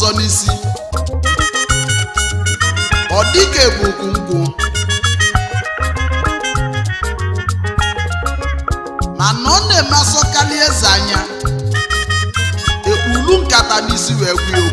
ọzọ n'isi ọ dịka ebukwugwu mana ọ na-eme asọkarị eze anya ekpuru nkata n'isi wee gwuo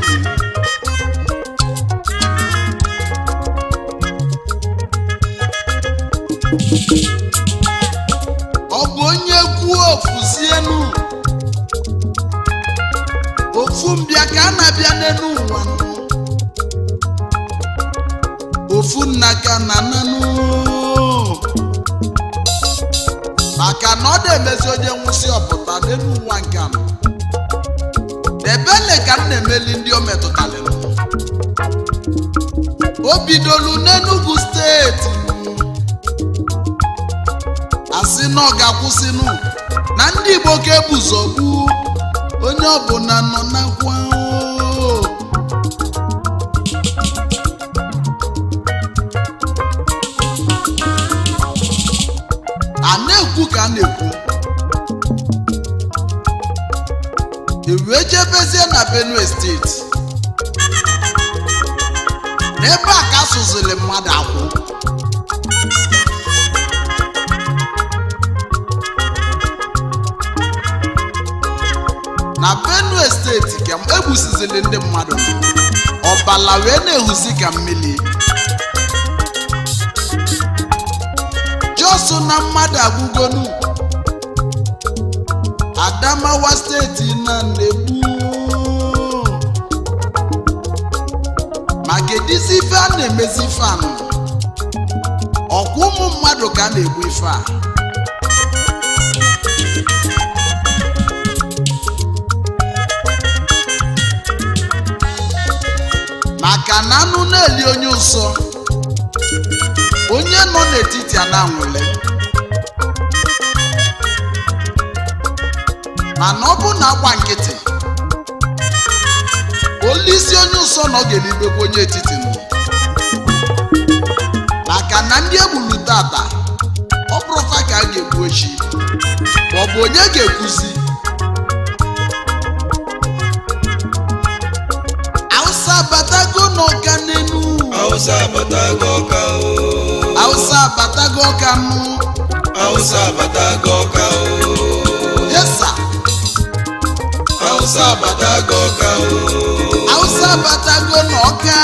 na ọ ga-akwụsịnụ na ndị Igbo ka ebuzogbu onye ọbụla nọ na a na-ekwu ka a na-ekwu ewee jebezie na Benue steeti n'ebe a ka asụziri mmadụ akwụ na benue steeti ka egbusizili ndị mmadụ ọbala wee na-ehuzi ka mmiri jos na mmadụ agwụgonu adamawa steeti na na-egbu ma gedizi ife a na-emezi ife anụ ọkwa ụmụ mmadụ ka a na-egbu ife a ananụ na-eli onye nsọ onye nọ n'etiti ananwụle mana ọ bụ na agba nkịtị isi onye ụsọ nọ ga-eribekwa onye etiti nọ maka na ndị egburu tata ọ bụrụ ka a ga-egbu echi ma ọ bụ onye ga-ekwuzi Awusa abatago ọka o. Hausa abatago ọka mụ. Hausa abatago ọka o. Yesa. Awusa abatago ọka o. Hausa abatago na ọka.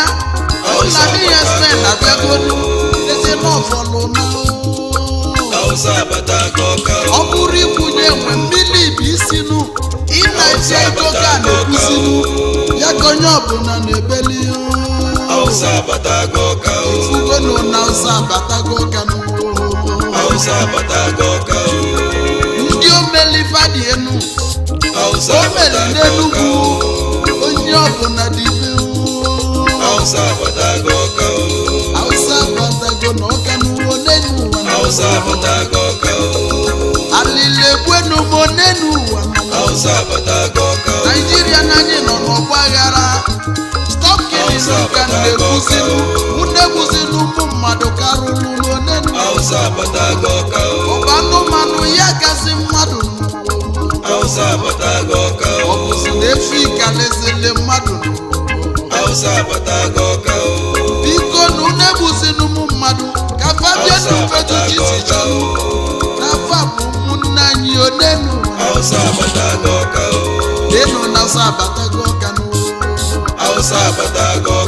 Hausa abatago ọka o. Eze n'ọfọlụ nụ. Hausa abatago ọka o. Ọ bụrụ ikwunye enwe mmiri ibi isi nụ. Ị na-eji ego ga na-ekwuzinụ. si Ya ka onye ọbụla na-ebeli o. Hausa abatago ka o. Sutenu na Hausa abatago ka n'ugbo. Hausa abatago ka o. Ndị omelife dị enu. Hausa abatago ka o. Onye ọbụla dị ibe o. Hausa abatago ka o. Hausa abatago na ọka onenu n'enu ụwa. Hausa abatago ka o. Alili ekwenu mo n'enu ụwa. Hausa abatago ka o. Naịjirịa n'anyị nọ n'ọgba aghara. izuụka na-ekwuzinụ ndị bụzinụ ụmụ mmadụ karụrụ n'onye ụba anụmanụ ya gazi mmadụ ọ bụzi na efi mmadụ biko na une bụzinụ ụmụ mmadụ ka fabianufejujizijanụ na fa bụ ụmụnne anyị onenu na Hausa ba oh.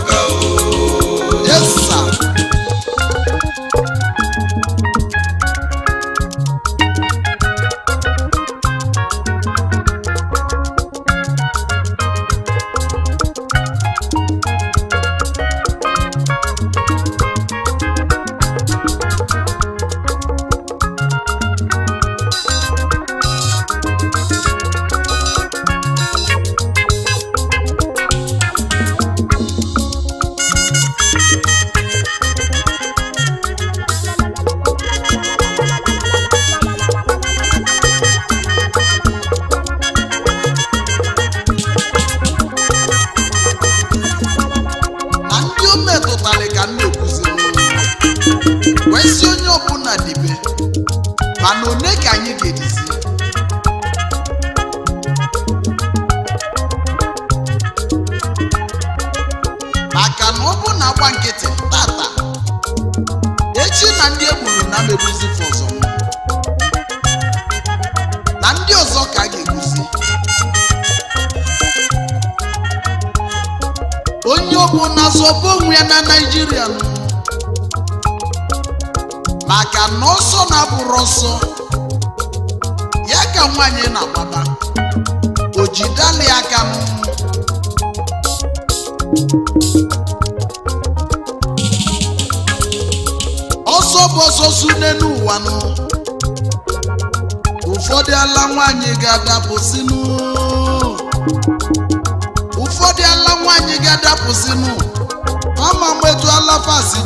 na ọ ma ọma mgbe tu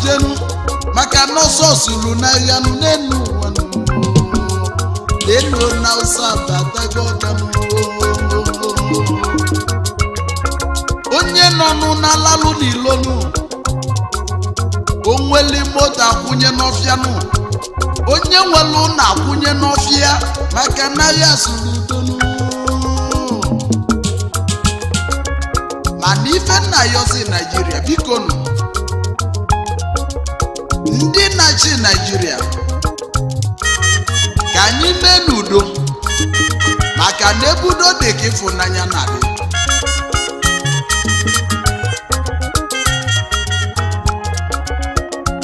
jenu maka nọsọsụ ru na yanu n'enu enu na ụsọ abatago onye nọnụ n'alalụ n'ilonu onweli moto akwụnye n'ọfịanụ onye nwelụ na akwụnye n'ọfịa maka na ya sụrụ mana ife nna ya ozi naijiria biko nụ ndị na-achị naijiria ka anyị mee n'udo maka na ebudo dị ka ịfụnanya na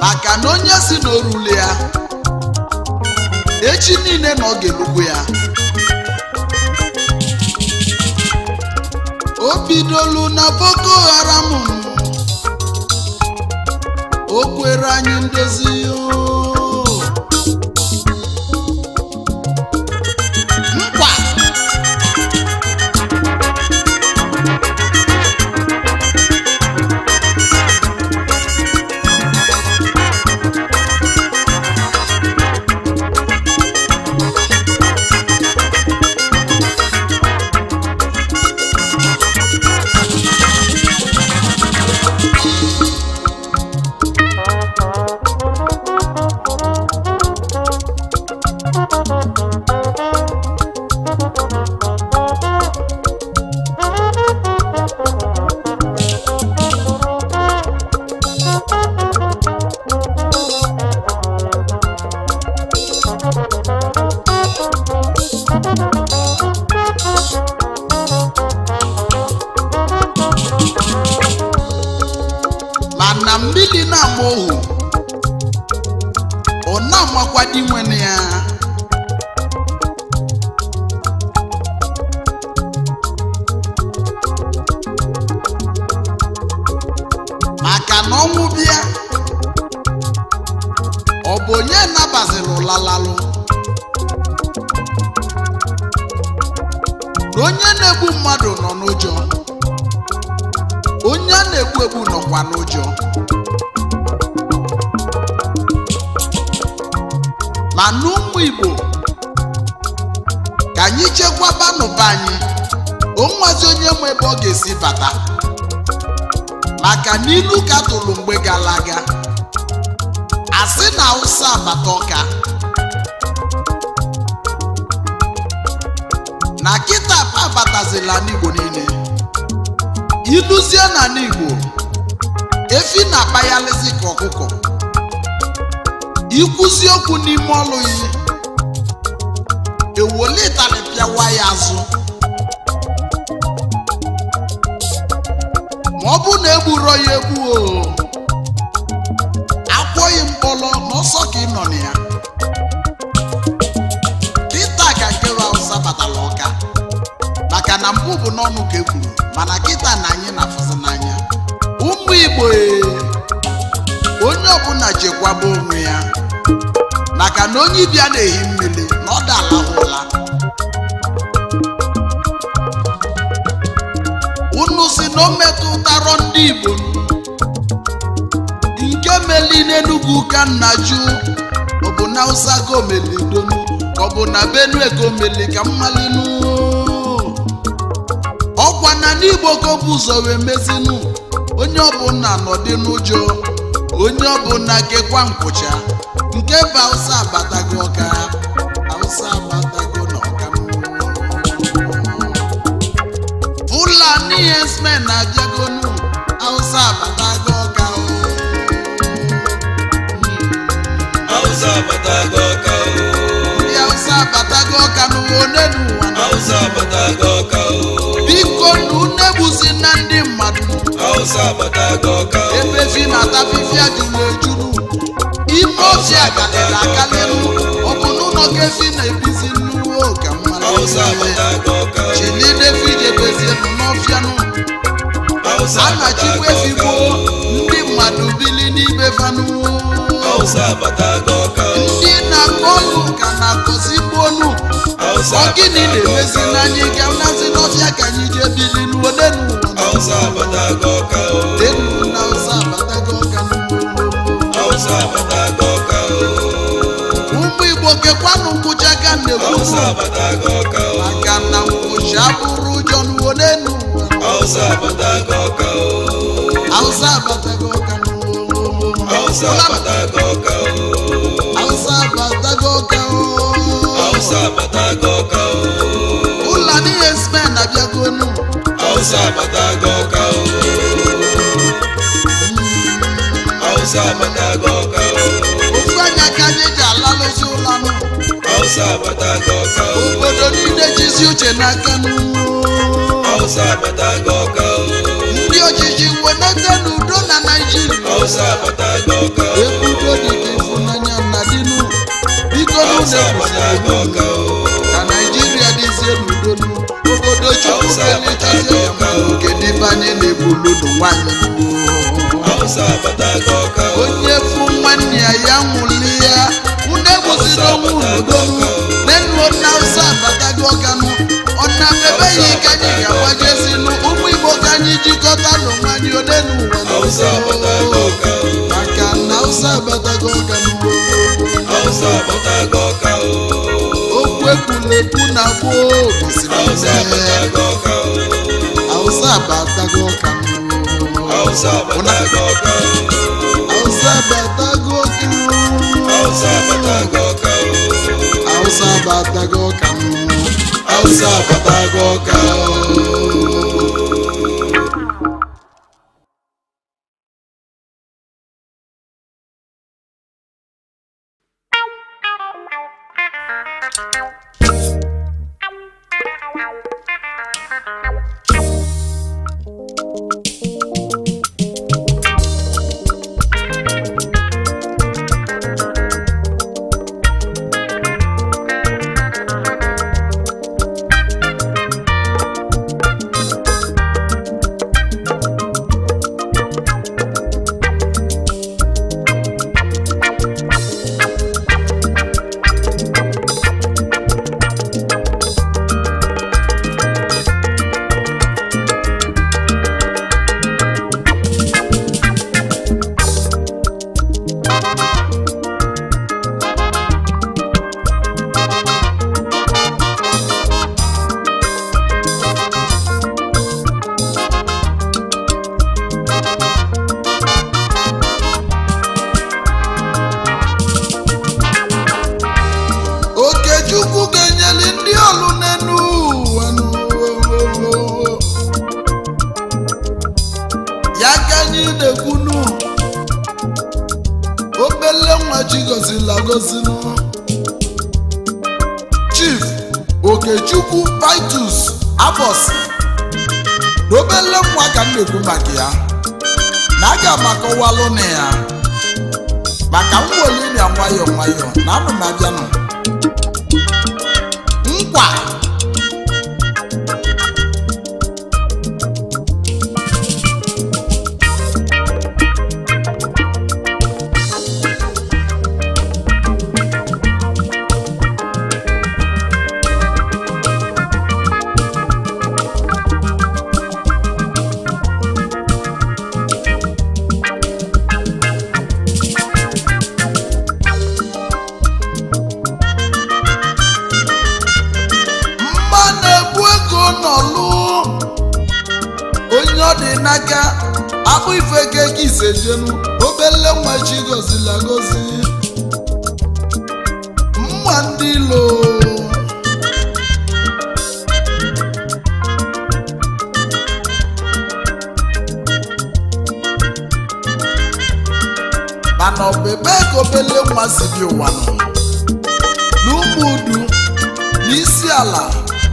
maka na onye si na ya echi niile na ọ ga ya obidolu na boko haram okwere anyị ndezi ooo maka na ọnwụ bịa ọ bụ onye nabaziri ụlalalụ na onye na-egbu mmadụ nọ n'ụjọ onye a na-egbu egbu nọkwa n'ụjọ ma n'ụmụ Igbo ka anyị chekwaba n'ụba anyị nwezi onye ma ebe ọ ga-esi bata maka na ilu ka tụrụ mgbe gara aga asị na awụsa abata ọka na kịta abatazila n'igbo niile iluzie na igbo efi na-akpaghalịzi ka ọkụkọ ikwuzi okwu n'ime ọlụ yi ewolitali pịawa ya azụ E e ma ọ bụrụ na egburo ya egbu o akwọghị mkpọrọ n'ọsọ ka ị nọ na ya kịta ka nke Hausa batala ọka maka na mbụ bụ n'ọnụ ka e mana kịta na anyị na-afụzi n'anya ụmụ Igbo e, onye ọbụla chekwaba onwe ya maka na onye ịbịa na-ehi mmiri na ọ dalahụla na o metụtara ndị Igbo nke meli n'Enugu ka nna jụ ọ bụ na Hausa ka donu ọ bụ na Benue ka omeli ka mmalinu ọkwa na n'Igbo ka ọ ụzọ wee mezinu onye ọbụla nọdị n'ụjọ onye ọbụla kekwa nkwụcha nke bụ Hausa batago ọka judgment na jegonu hausa batago ọka o. hausa batago ọka o. bí hausa batago na. hausa batago biko nnu nebuzi na ndị mmadụ. hausa ebezi na-ata fifia juru ejuru. ime ochie akalịla na-ebizi ruo ka mara jili David ebezie n'ọfịanụ a na-achịkwa ezigbo ndị mmadụ bili n'ibe fanụ ndị na-akọ ọnụ ka na-akọzikwa ọnụ ọ gịnị na-emezi n'anya ga nazi n'ọfịa ka anyị jee bili n'olenu ụwa na ụsa abatago ọka egekwanụ nkụjaga na-ekwu maka na nkụji abụrụ ụjọ n'ụwa n'elu awụsa abatago ọka awụsa abatago ọka awụsa abatago ọka awụsa abatago ọka ụlọ n'ihe smen abịago nu awụsa abatago ọka awụsa abatago ọka ofu anya ka anyị ji alalụzi ụlọ Hausa abata gị ọka o. Obodo niile jizi uche n'aka n'ụwa. Hausa Ndị ọchịchị wenata n'udo na Naijiria. Hausa abata gị ọka o. dị ka ịfụnanya na dinu. Biko n'ụlọ ekwesịrị Na Naịjirịa dịzie n'udo n'ụwa. Obodo Chukwu ga-eletazi ọka nke dịbanye n'ebulu n'ụwanyị. Hausa abata gị Onye fụ nwanne ya ya nwụlie ya. arụsịrị ọnwụ n'odolu n'elu na arụsị abatago ọkanụ ọna bebeghị ka anyị ga-agbajezinụ ụmụ igbo ka anyị jikọta n'ụmụ anyị ole n'ụwa maka na awụsa abatago ọkanụ okwu na gboo gosiri abatago ọkanụ abatago ọkanụ abatago ọkanụ Hausa batago ao sábado da kamu oh. onye ọ dị n'aka akpụ ife keke ise jenu obele nwa chi gozila gozi mma ndị ilo mana ọ bụ ebe ka obele nwa si dị ụwa nọ n'ụmụ udu n'isi ala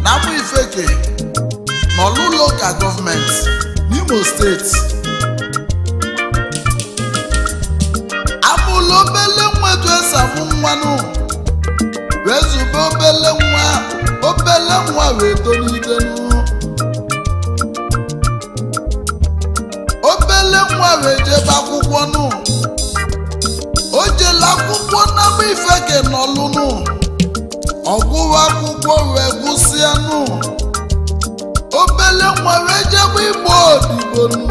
na amụ ifeke n'ọlụụlọ ụka gọọmenti Imo State amụlụ obele nwa etu esi amụ mmanụ wezube obele nwa obele nwa wee tolite obele nwa wee jebe akwụkwọ nụ o jele akwụkwọ na ife ke n'ọlụnụ ọgwụwa akwụkwọ wee gwụsịa nụ onye nwere ejekwa igbo odibonu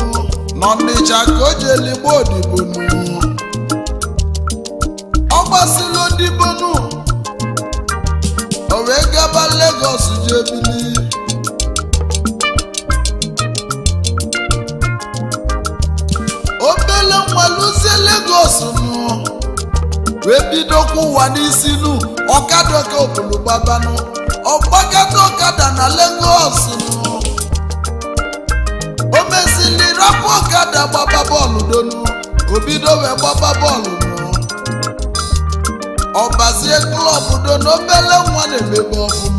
n'ọnịcha ka o jeli gbo odibonu ọ gbasịla odibonu o wee gaba legos jebili obele nwaluzie Lagos nụ wee bidokwa ụwa n'isi nụ ọkada ka obulu gbabanụ ọgbakata ọkada na legos nụ ọkada gbaba bọọlụ dolu obido wee gbaba bọọlụ ọbazie klọb do obele nwa na-emebe ọfụ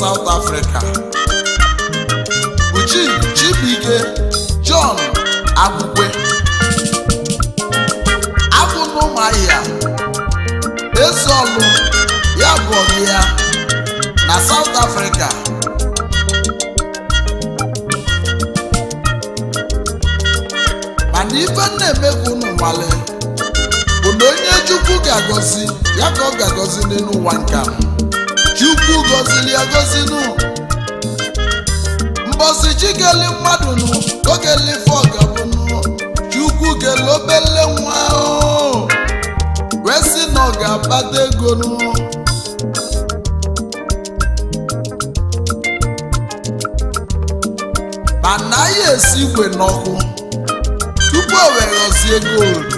South Africa Uchi Chibuike John Agwukwe abụnumahia ezeolu ya bụ ọrụ ya na South Africa mana ife nna-emegwu unu bụ na onye Chukwu ga-agọzi ya ka ọ ga-agọzi n'elu ụwa nke chukwu gọziri agọzinu mbọsi chikeli mmadụ nụ ogelife ọgabụnụ chukwu gele obele nwa ahụ wee sị na ọ ga-akpata ego nụ anaghị esi igwe n'ọkụ tupu o were ozi ego odo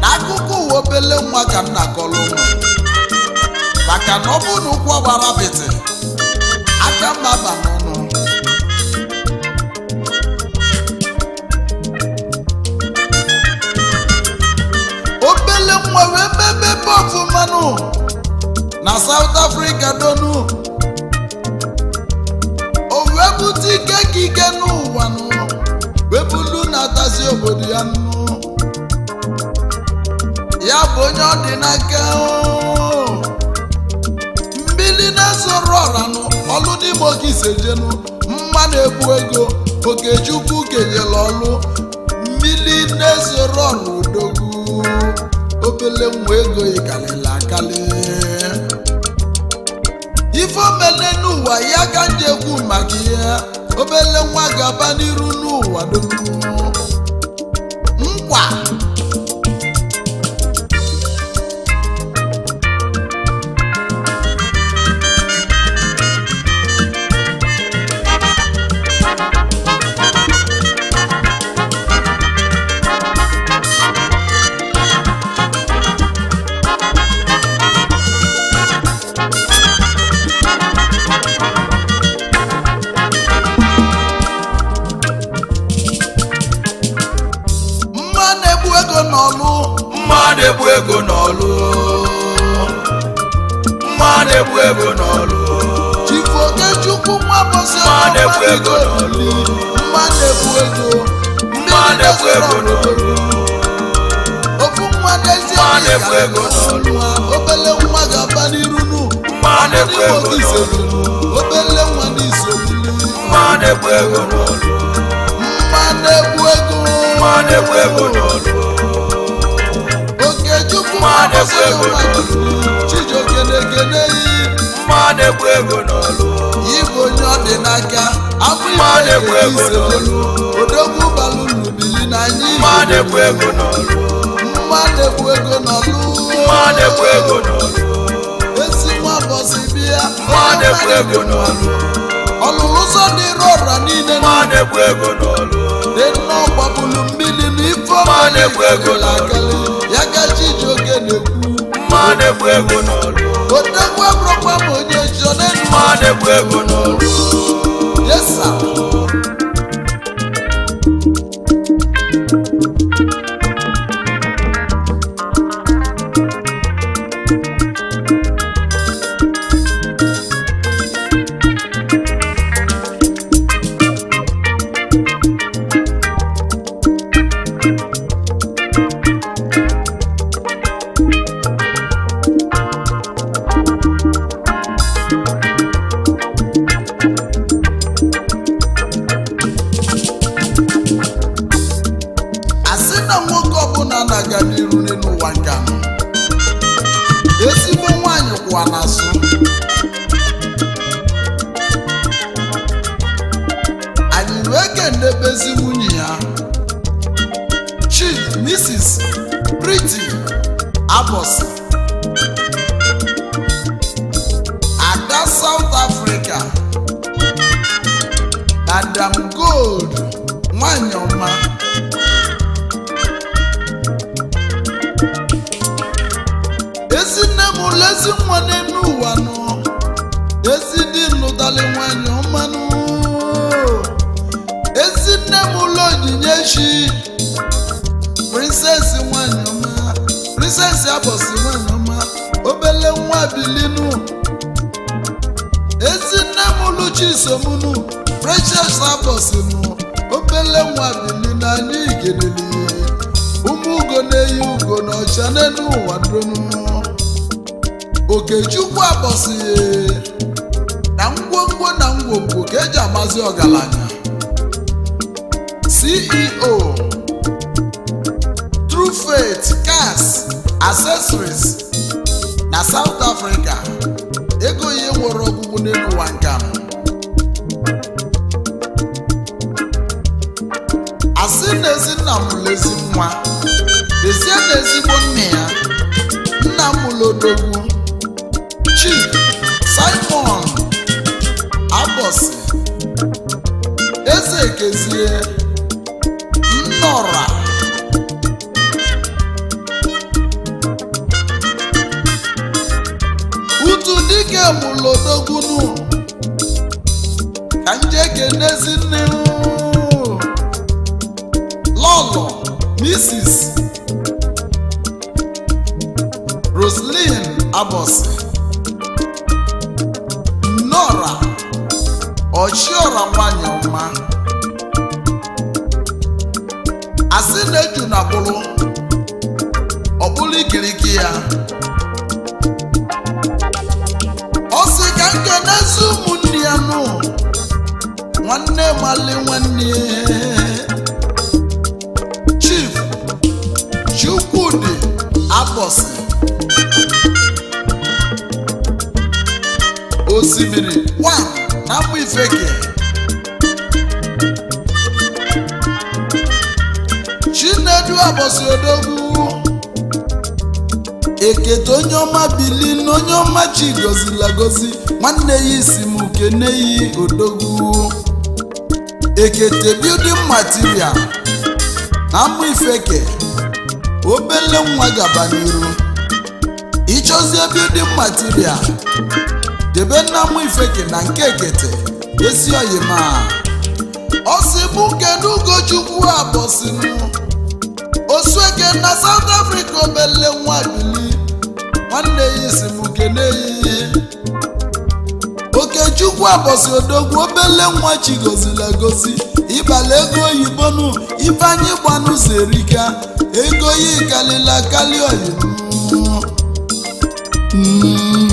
n'akụkọ ụwa obele nwa ka m na maka na ọ bụ ụkwụ ọgbara apịtị aka mma ba m obele nwa wee mebe ebe mmanụ na South afrịka donu o wee bute ike ka ike n'ụwa nụ wee bulu na-atazi obodo ya nụ ya bụ onye ọ dị n'aka ndị na-asọrọ ọranụ ọlụ n'ime oge jenụ mma na-ebu ego okechukwu kenyere ọlụ mmiri na-esoro ọnụ odogwu obele nwa ego yikarịrị akali ife omele n'ụwa ya ka ekwu maka ihe obele nwa gaba n'iru n'ụwa dogu nkwa n'ọlụ mmadụ ego n'ọlụ mmadụ ebu ego n'ọlụ nwa ego n'ọlụ ego ego n'ọlụ ofu nwa ego n'ọlụ obele nwa ga-aba n'iru nu ego n'ọlụ obele nwa ego n'ọlụ ego n'ọlụ mmadụ egwu ego n'ọlụ Chijioke na-ekene yi mmadụ egwu ego n'ọlụ Igbo onye ọ dị n'aka mmadụ egwu ego n'ọlụ Odogwu balụlụ na n'anya mmadụ egwu ego n'ọlụ mmadụ egwu ego n'ọlụ mmadụ egwu ego n'ọlụ ezi nwa bọsị bịa mmadụ egwu ego n'ọlụ ọlụlụ ụzọ dị dịrị ọra niile mmadụ egwu ego n'ọlụ dị nnọọ gbapụlụ mmiri n'ife ọma na-egwu ego n'ọlụ ya gaji ijioke onye na na onye ji ọ na ego n'ọrụ yes sir somunu precious abọs nụ obele nwa bili na ụmụ ugo na-eyi ugo na ọcha n'elu ụwa dum okechukwu abosighi na ngwongwo na ngwongwo ka eji amazi ọgaranya ceo trufet cas cars accessories na south africa is Uju Abosi Odogwu ekete onye ọma bili na onye ọma chi gozilagozi nwanne ya isi m kene ya odogu ekete building material na amụ ifeke obele nwa gaba n'iru building material debe na amụ ifeke na nke ekete esi oyima ọsị bụ kedu ugochukwu abọsinu osueke na South Africa obele nwa bili nwanne ya isi m kene ya Okechukwu abọsi odogwu obele nwa chigozila gozi ịbala ego oyibo nu ifeanyị gbanụ serika ego ya kalila kali oyim mm.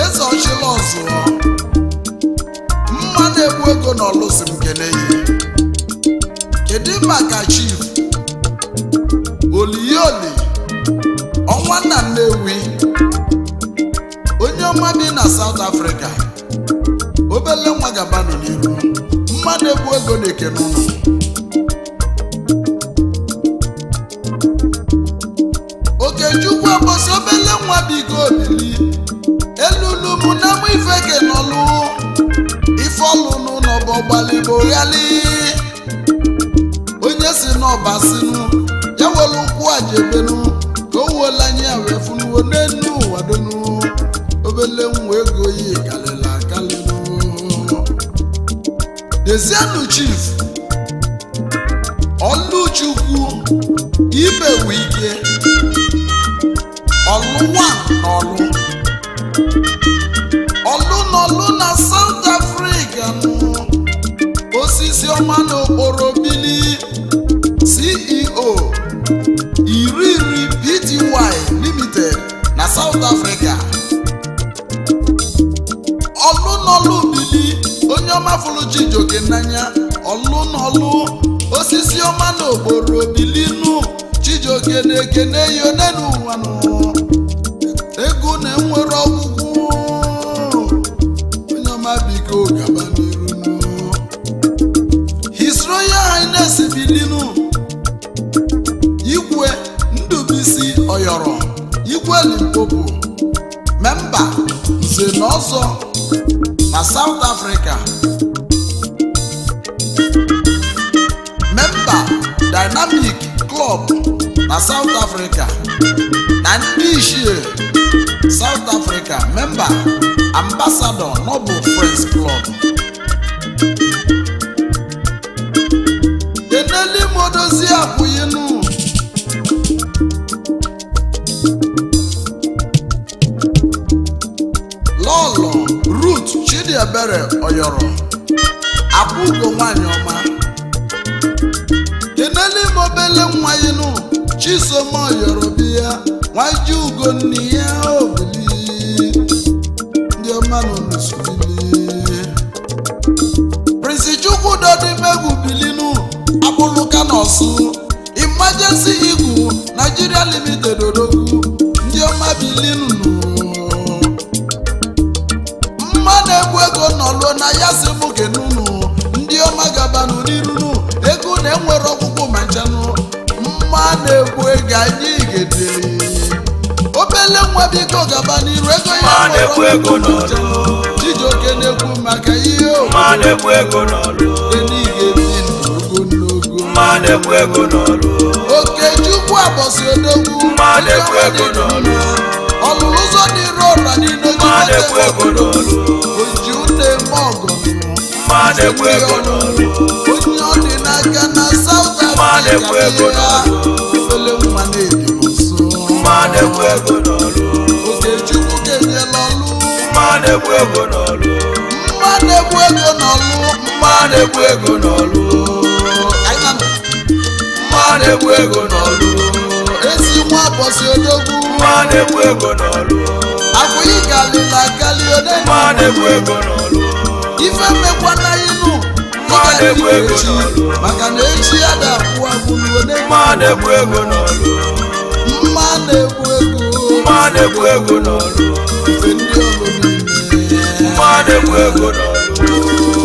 eze ọchịla ọzụọ mma na-egbu ego na nke m keneyi kedu maka chief olili, ọnwa nna nnewi onye ọma dị na South Africa obele nwa gabanụ n'ihu mma na-egbu ego na ekene ụlọ okechukwu ebosi obele nwa ike obili eke n'ọlụ ife ọlụlụ n'ọbọ gbalibo ghali onye si n'ọba sinu ya e welu ajebenu ka o wuola anyị ya funuwo n'enu ụwa obele nwa ego yi kalịla akalịnụ dezienu chief ọlụchukwu ibe ike ọlụ nwa na ọlụ edo gị n'anya ọlụ n'ọlụ osisi ọma na obodo bilinu chijiogene gene ya one n'ụwa n'ụwa chidi ebere oyoro akwụ ugo nwanyị ọma kenele ime obele nwa chisom oyoro biya nwaji ugo nne ya obili ndị ọma nọ n'osubili chukwu dodi megwu bilinu abụlụka n'ọsụ emergency igu nigeria limited odogwu ndị ọma na-egbu ego nọluo na ya si mụ genunu ndị ọma gabanụ n'irunu ego na-enwere ọgwụgwụ ma njenụ mma na-egbu ego anyị gede obele nwa biko gaba n'iru ego ya nwere ọgwụgwụ Chijioke na-ekwu maka ihe ogologo oke Chukwu abọsi odogwu ọ lụrụ ụzọ dị roda dị oji ute me ọgụ onye ọ dị na O aaa fele nwa na-ebi ga na ego n'ọlụ mmadụ egwu ego n'ọlụ mmadụ egwu ego n'ọlụ ezi nwa bọsi odogwu nwa na gali ole na kali ego ife mmekwa inu na maka na echi ya na-akwụ agbụrụ ole mma na-egbu ego nwa ndị na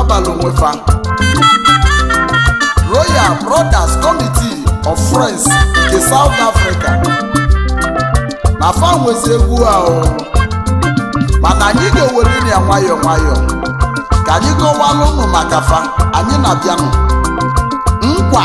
ọbalụ nwefa royal brothers committee of friends nke south africa na fa nwezi egwu ahụ mana anyị ga-ewere ya nwayọọ nwayọọ ka anyị gọwalụ ụnụ maka fa anyị na-abịanụ nkwa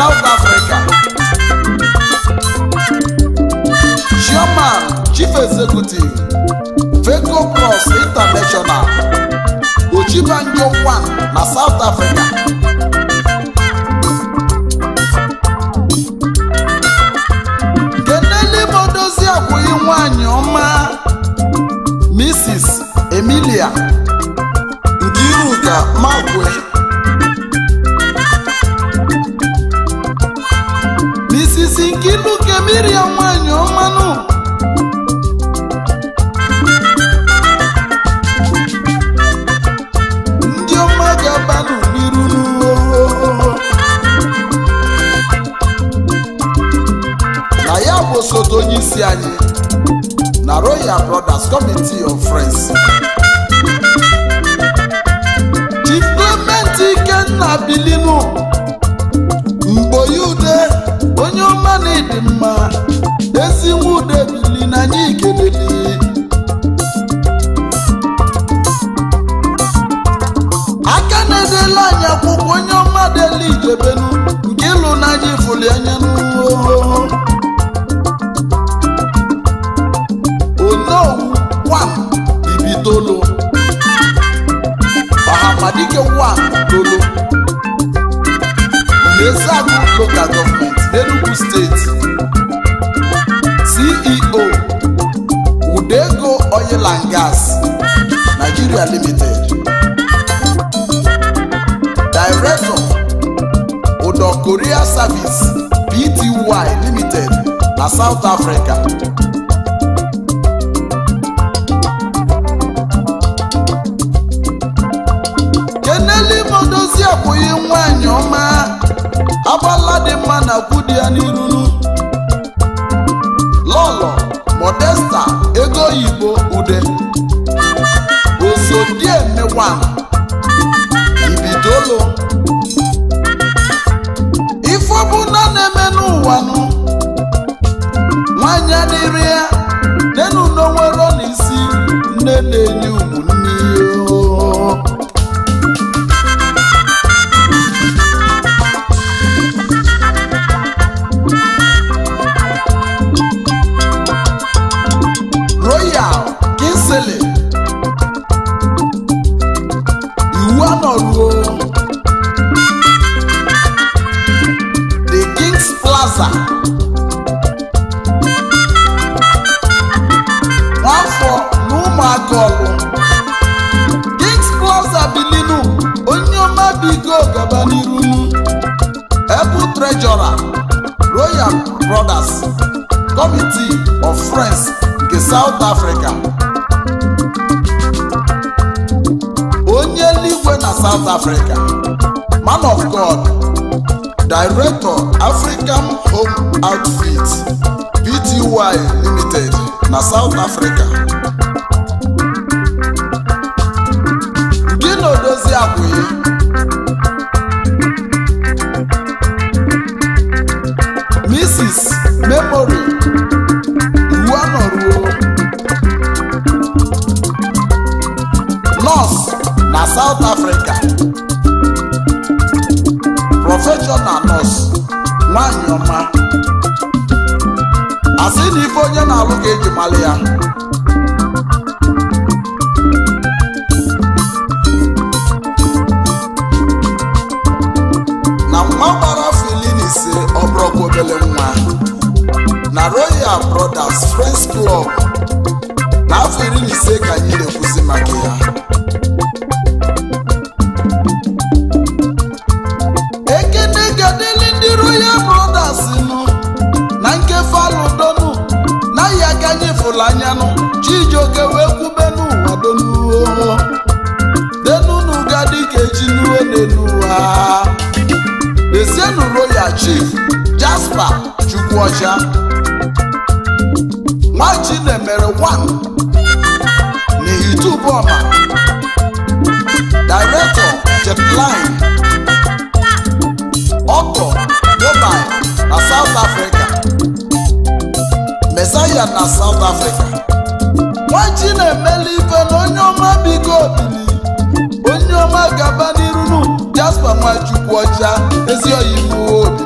South Africa. Chairman Chief Executive Feco Cross International Ochibanjo One na South Africa. Kenele Modozi abụghị nwanyị ọma Mrs. Emilia Nkiruka Magwe your brothers, committee of friends. Chief Clement Ikenna Bilinu Mgboyude onye ọma na mma ezinwe ude bili na anyị ikeleli aka na-edela anyị akwụkwọ onye ọma elu ijebenu nke ịlụ na anyị Limited. Director Odò Korea Service Pty Limited na South Africa. Anya ni real. Izienu Royal Chief Jasper Chukwuocha Nwachinemere 1 na Itubọma Director Jetline Ọkọ Dubai na South Africa Messiah na South Africa Nwachinemele ife na onye ọma biko bili onye ọma gabana ama Nwachukwu ọcha ezi oyibo obi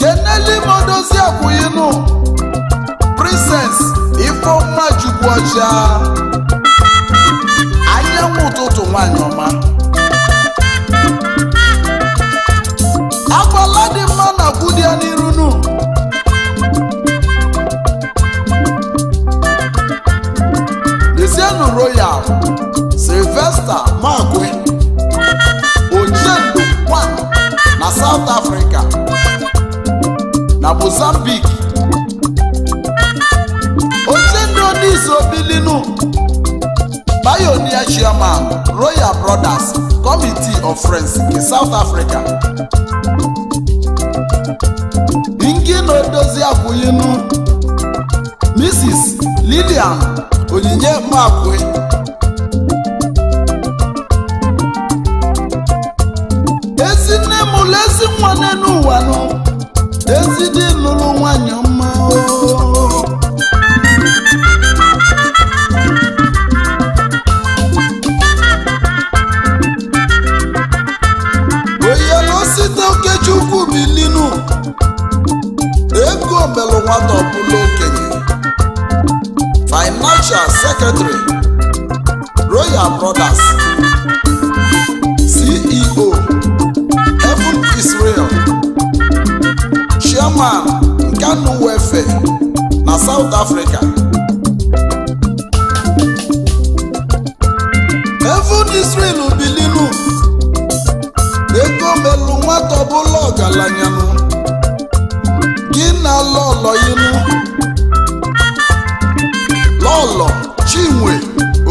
kenelimodozi akwụinu princess Ifeoma Chukwu ọcha anyanwụ ụtụtụ nwanyị ọma akwala dị mma na kwudia n'irunu izienu royal Sylvester Mark Mozambique Ochendo Oniso Bilinu Pioneer Chairman Royal Brothers Committee of Friends in South Africa Ngino Dozie Akuyinu Mrs. Lilian Onyinye Makwe ezi nne m ezi nwa n'elu ala gị na lọlọ inụ lọlọ chinwe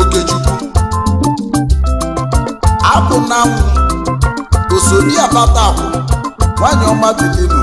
okechukwu abụ na nwụ osori abata akwụ nwanyị ọma n'elu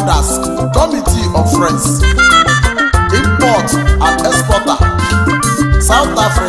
brothers committee of friends import and exporter south africa.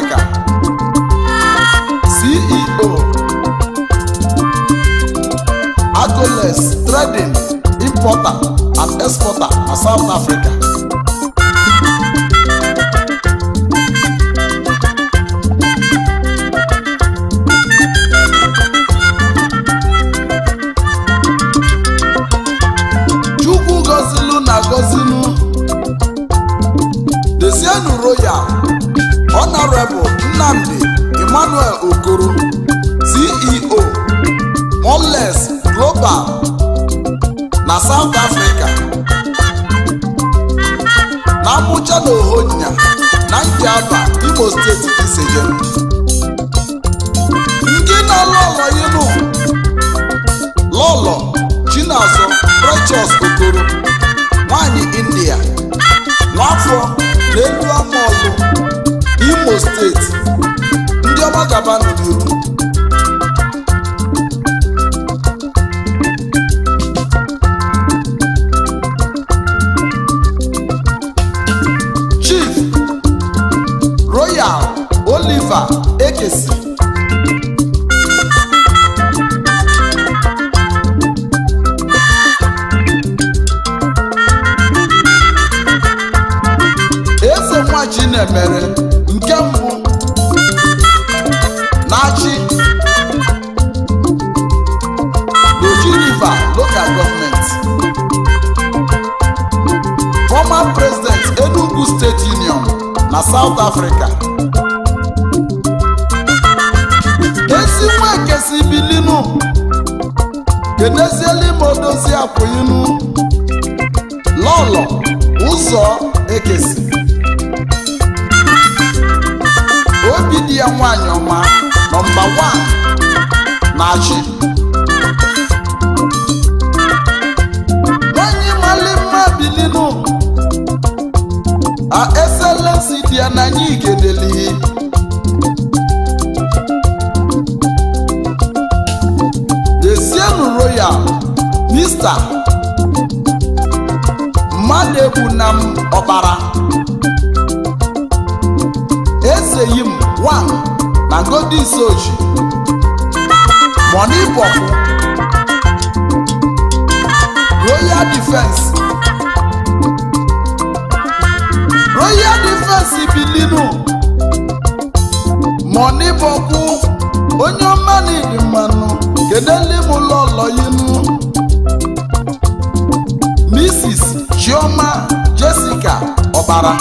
si ya na anyị igedeli esienu royal mista mmadụ egbu na m ọkpara eseyi m wan na godisoji money pop royal defense síbi lílù mọ̀ níbọ̀kú onye ọma na ụlọ kedelibụlọ lọyinu Mrs. Chioma Jessica Ọbara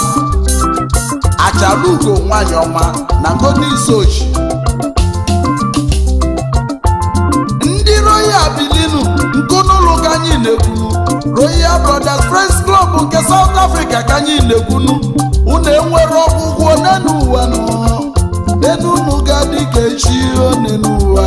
Achalugo nwanyị ọma na godizoji ndị Royal Bilinu nkonụlụ ka anyị Royal Brothers Friends Club nke South Africa ka anyị na enwere ọgwụgwụ onye n'ụwa nọ enu unu ga-adị ka echi one n'ụwa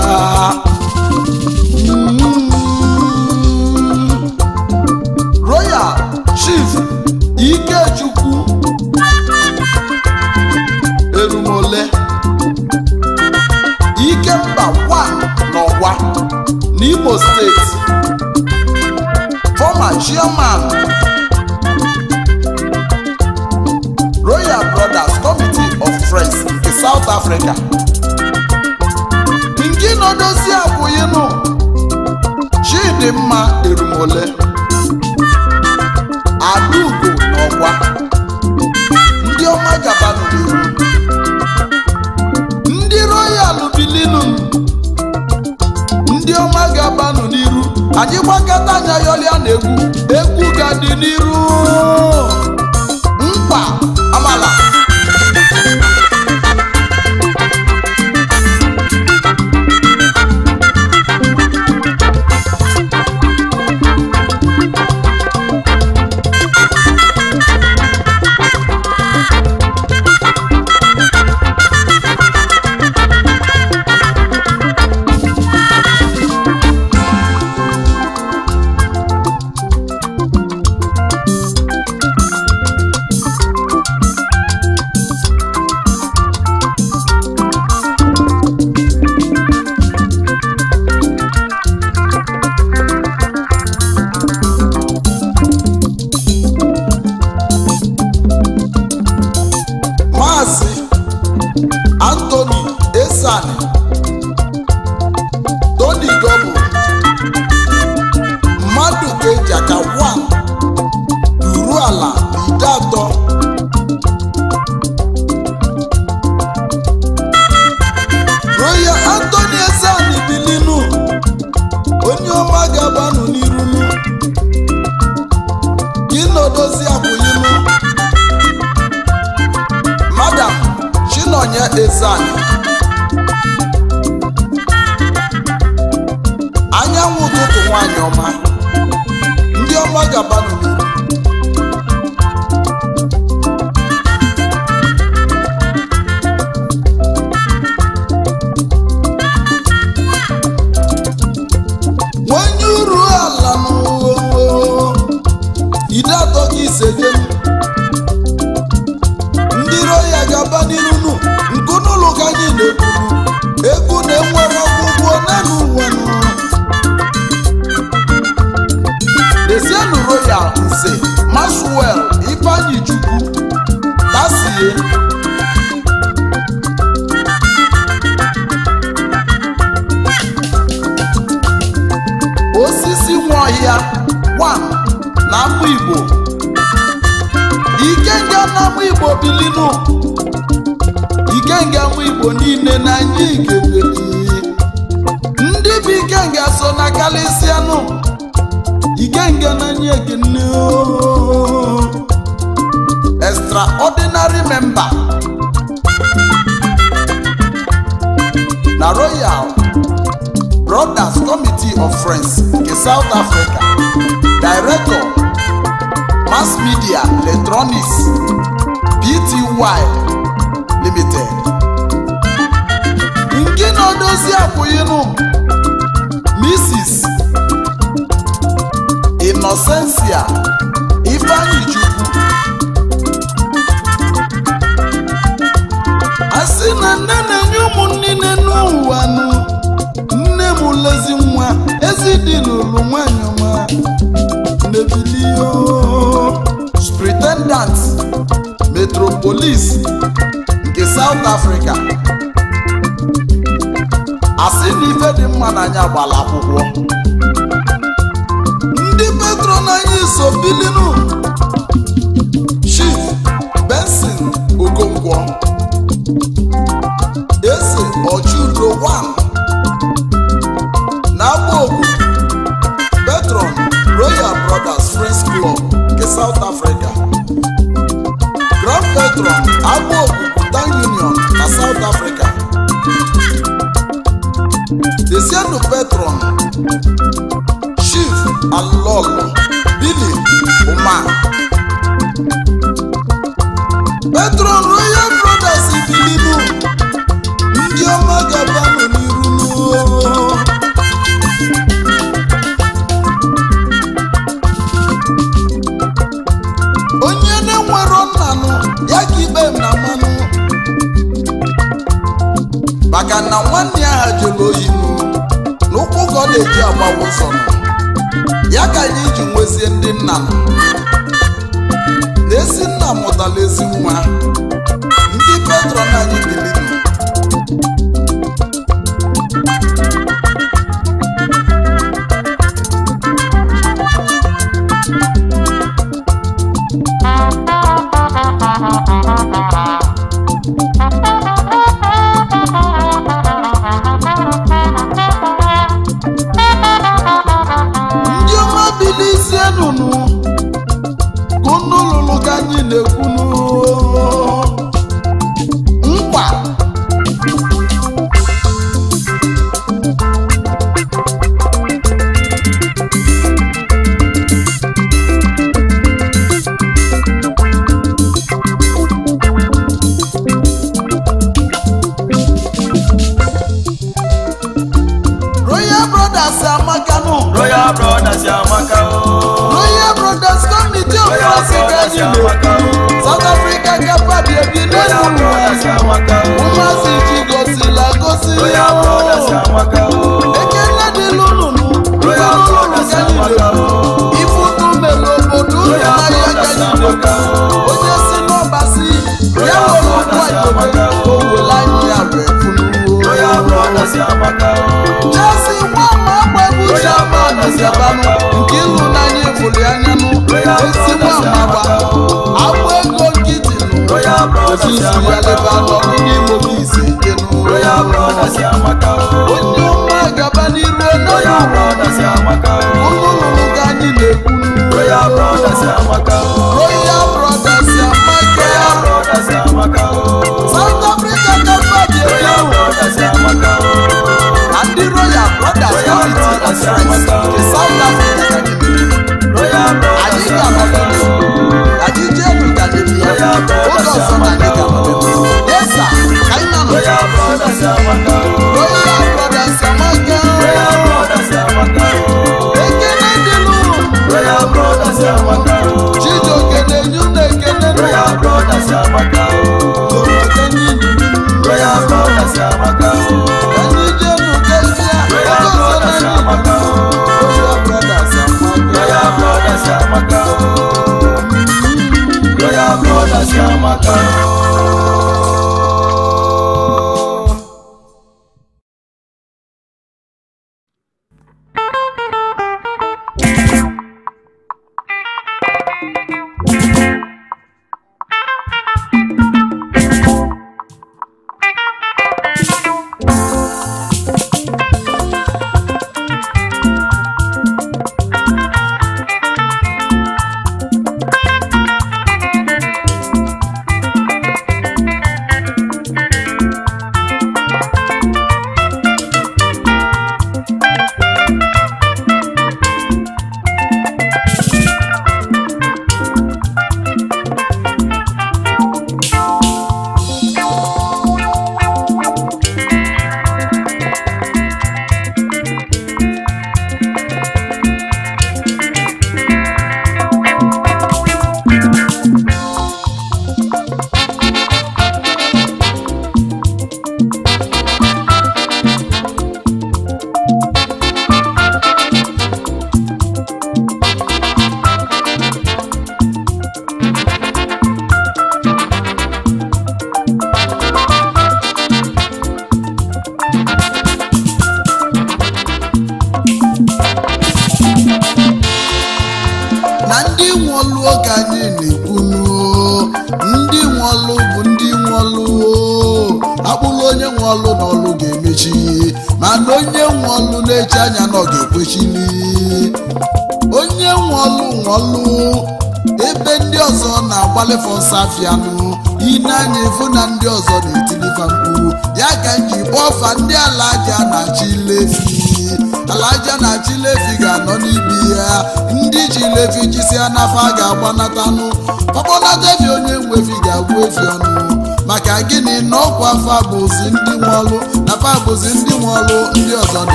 karịsịanụ na nye ekene oh. extraordinary member na royal brothers committee of friends nke south africa director mass media electronics pty limited nke na odozi akwụghịnụ Mrs. Innocencia Ifeanyichukwu a sị na nne na-enye ụmụnne nne n'ụwa nụ nne m lezi nwa ezi dị n'ụlọ nwanyị ọma nebilio Superintendent Metropolis nke South Africa asị na ife dị mma na anyị agbala akwụkwọ ndị petro na anyị so bilinu chief benson okonkwo eze ojudo 1 olùpẹ̀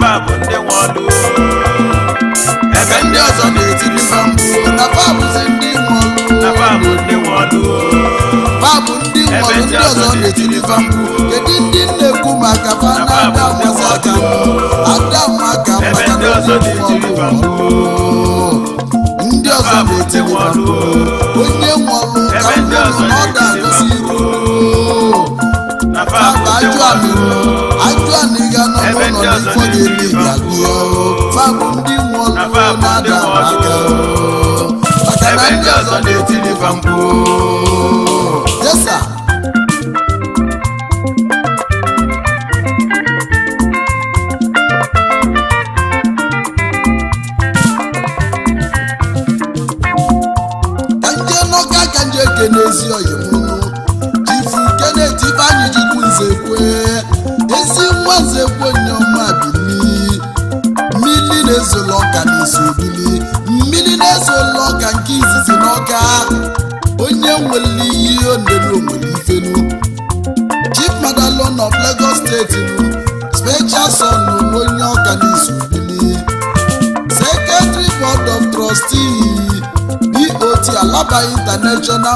nafa ndị ebe ndị ọzọ na-etiri bambụ nafa bụzi ndị nwe ọlụ nafa bụ ndị nwe ọlụ babụ ndị ndị ọzọ na-etiri bambụ kedu na-ekwu maka na ndị ọzọ na-etiri bambụ ndị ọzọ na-etiri bambụ onye nwe ọlụ ndị ọzọ before they leave their school. Fakundi wọn lọ nádà bàkẹ́ o. Bàtà náà ń ọ̀sán létí ní fàǹkó.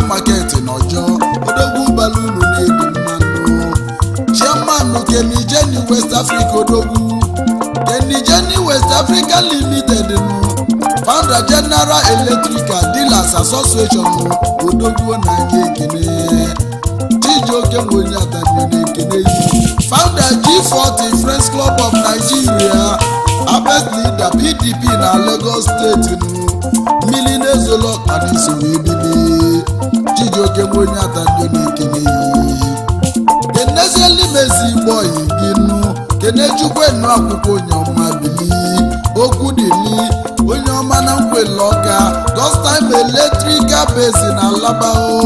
na maketi na odogwu bara uru na-ebi mmanụ chairman Kenny jeni West Africa odogwu Kenny jeni West Africa Limited nụ founder General Electrical Dealers Association odogwu na-aga ekene Chijioke nwere atamere ekene founder G40 Friends Club of Nigeria Abes leader PDP na Lagos steeti mmiri na-ezolo ọkpa n'isi wee bibi chijioke bụ onye ata ndị na-ekene keneziela imezi igbo oyi gị nụ enu akwụkwọ onye ọma bili okwu dili onye ọma na nkwele ọka dostime eletrika bezi na alabao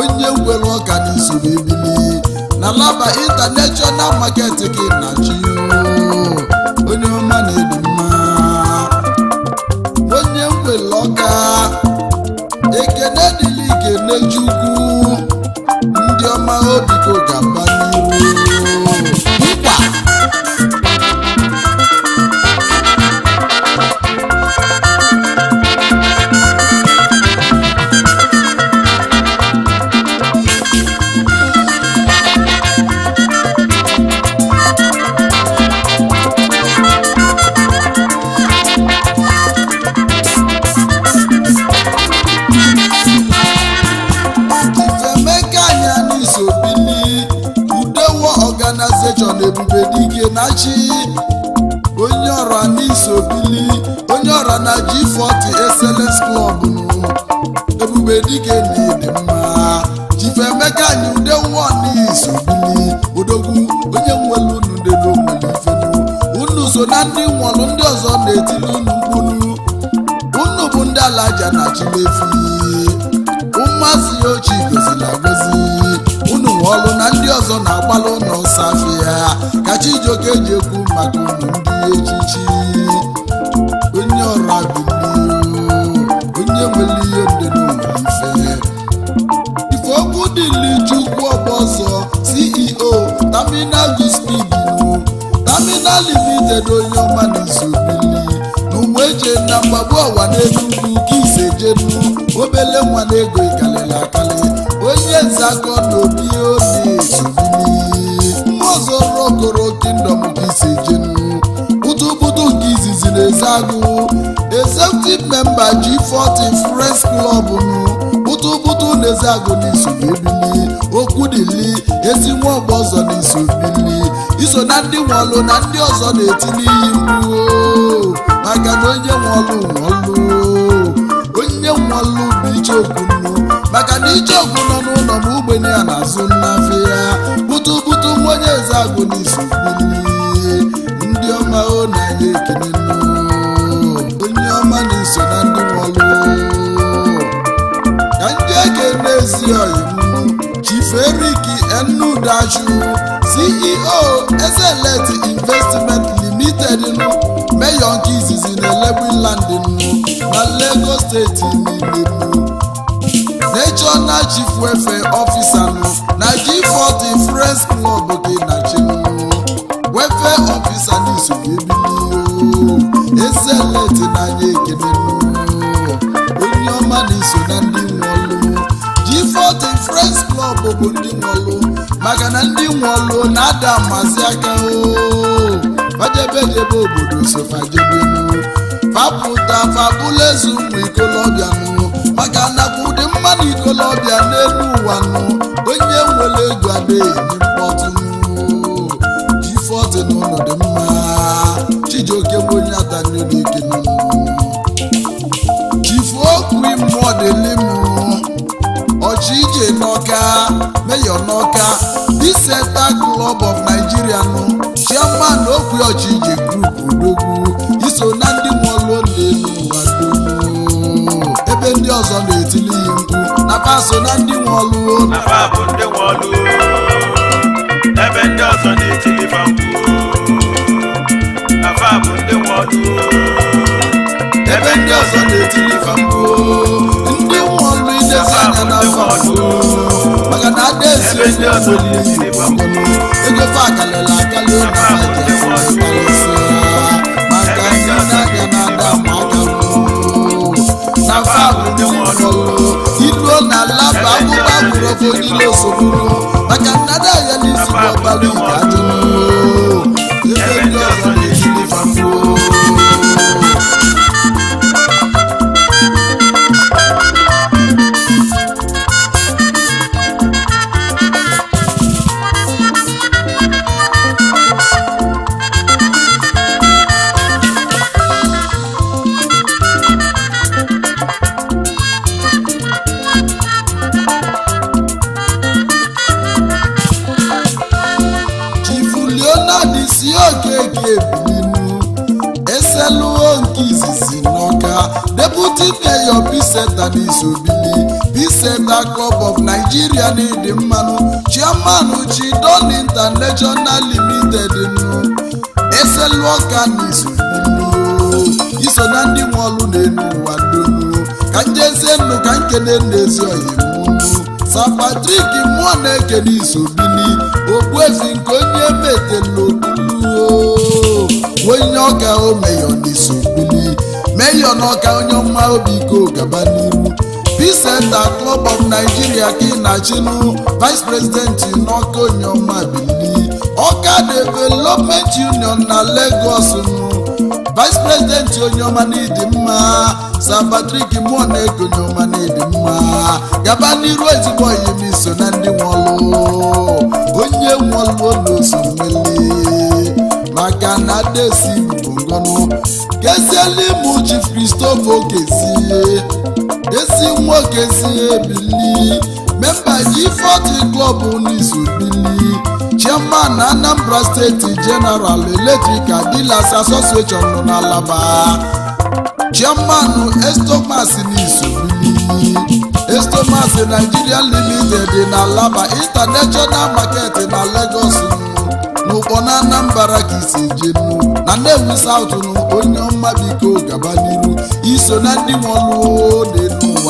onye nkwele ọka na isoro ebili na alaba intaneshonal maket gị na dịka ụja agụ na esubili okwu dili ezi nwa ọgbọ ọzọ na esubili iso na ndị nwọlụ na ndị ọzọ na-eti iyi mgbu maka na onye nwọlụ nwọlụ onye nwọlụ bụ icheokwu maka na nọ n'ụlọ ma ogbenye ya na-azụ nnafe ya butubutu nwa onye eze agụ na ndị ọma Aminu Daṣu CEO SLS Investment Limited nù mẹ́yàn kí ìsinsìn ẹlẹ́gbẹ̀land nù na Lagos State nìlẹ̀mú national chief welfare officer nù na G4 the Friends Club òkè nàchí nù welfare officer ní ìsòwò ebi ní o SLS náà yẹ kéde nù onye ọma na-eso Friends Club bụ ndị nwọlụ maka na ndị nwọlụ na-ada mazi aka oo fajedebe obodo so fajedenu fapụta fapụla eze ụmụ ikolobịa nụ maka na ụdị mmanụ ikolobịa n'elu ụwa nụ onye nwere ego adịghị mkpọtụ G40 n'ụlọ dị mma Chijioke mayor n'ọka di Central Club of Nigeria nụ chairman Okwiochi Ije Group udugu. iso na ndị mụọlụ n'elu ụwa dogwu ebe ndị ọzọ na-etili ya mkpu na paso na ndị nwọlụ ebe ndị ọzọ na-etili fa mkpu nafa bụ ndị nwọlụ ebe ndị ọzọ na-etili magana desi ego fa kalela kali na maja malaysia maka nyana gana da maka mu na fa wunde wọlọ iduo na laba akwụkwọ agwụrọfọ niile sogburu maka nnada ayalisi bọbalụ ike ajụ ebe ndị ọzọ na chairman don International Limited nụ eselu ọkanis iso na ndị nwe ọlụ na-enu ụwa donu ka njezie nnu ka nkene n'ezi oyi San Patrick mmụọ na-ekene isobili okpuezi nke onye metelokuo onye ọka o meyọ n'isobili meyọ n'ọka onye ọma obi ike gaba n'iru P-Center Club of Nigeria ka ị na-achịnụ Vice President ọka onyeọmabili Ọka Development Union na Lagos nụ Vice President onyeọma na Idimma Sir Patrick mụọ na ego onyeọma na Idimma gaba n'iru ezigbo oyimiso na ndị nwụọlụ onye nwụọlụ n'osimiri maka na desi bụ ngọnụ keziela ịmụ Chief esi nwoke si ebili memba Ifeọjị klọb n'izu bili na Anambra steeti jeneral eletrika Dealers Association nọ n'Alaba chiemanụ Estomas n'izu bili Estomas Nigeria Limited na Alaba International Market na Lagos n'ụkpọ na Anambra ka isi jenu na Nnewi na onye ọma biko gaba n'iru iso na ndị nwọlụdị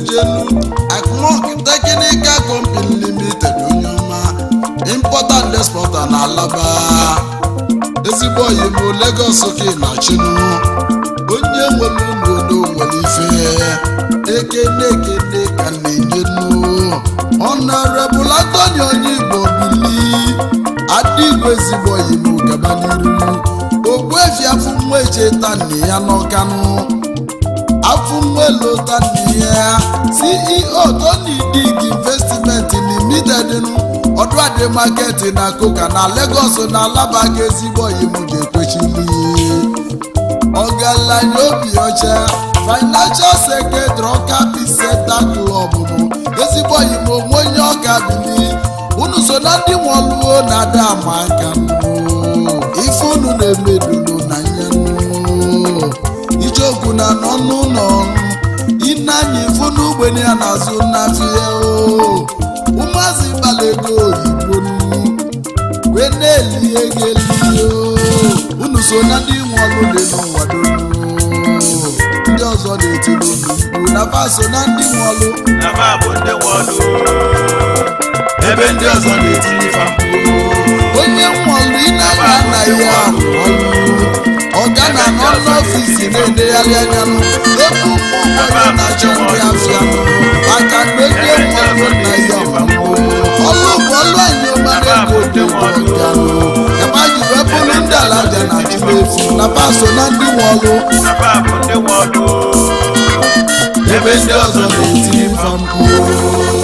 elu akụmọkịta kenika company limited onye ọma importa and na alaba ezigbo oyibo Lagos ka ị na onye nwere ụlọ nwere ife ekene ekene ka na-enyenu ọnọrebụl Anthony onye Igbo bili adịgbo ezigbo oyibo gaba n'iru ogbuefi afọ nwa eje ta ya n'ọkanụ afụmmelụtaniya CEO Tony Dick Investment Limited ọdụadị market na Coka na Lagos na alabaga ezigbo oyimu ga-ekwechili ọgaranya obi ọcha financial secretary ọkapi senta klọb ezigbo oyimu onwe onye ọkabili unu so na ndị nwụọluo na ada ama aka ife unu na-emedu okwu na n'ọnụ ụlọ ine anya ifu n'ugbenye ya na-azụ n'azụ ya ụmụazị gbala ego oyibo wee na-eli ego eli unu so na ndị nwe ọlụ dị n'ụwa ndị ọzọ na-etiri unu nafa so na ndị nwe ọlụ ebe ndị ọzọ na eti onye nwe ọlụ ị na-anya na ya ọlụ ọ̀gá na nọ n'ọfịs na-edegharị anya m ebe ụmụnwere na jọn dị afịa m maka mgbe ndị mmadụ na ya ọlụ bụ ọlụ anyị mara ego dị ụbọchị ebe anyị wee bụrụ ndị ala bịa na dịbe efu na paso na ndị nwe ọlụ ebe ndị ọzọ na-etiri mfa mkpụrụ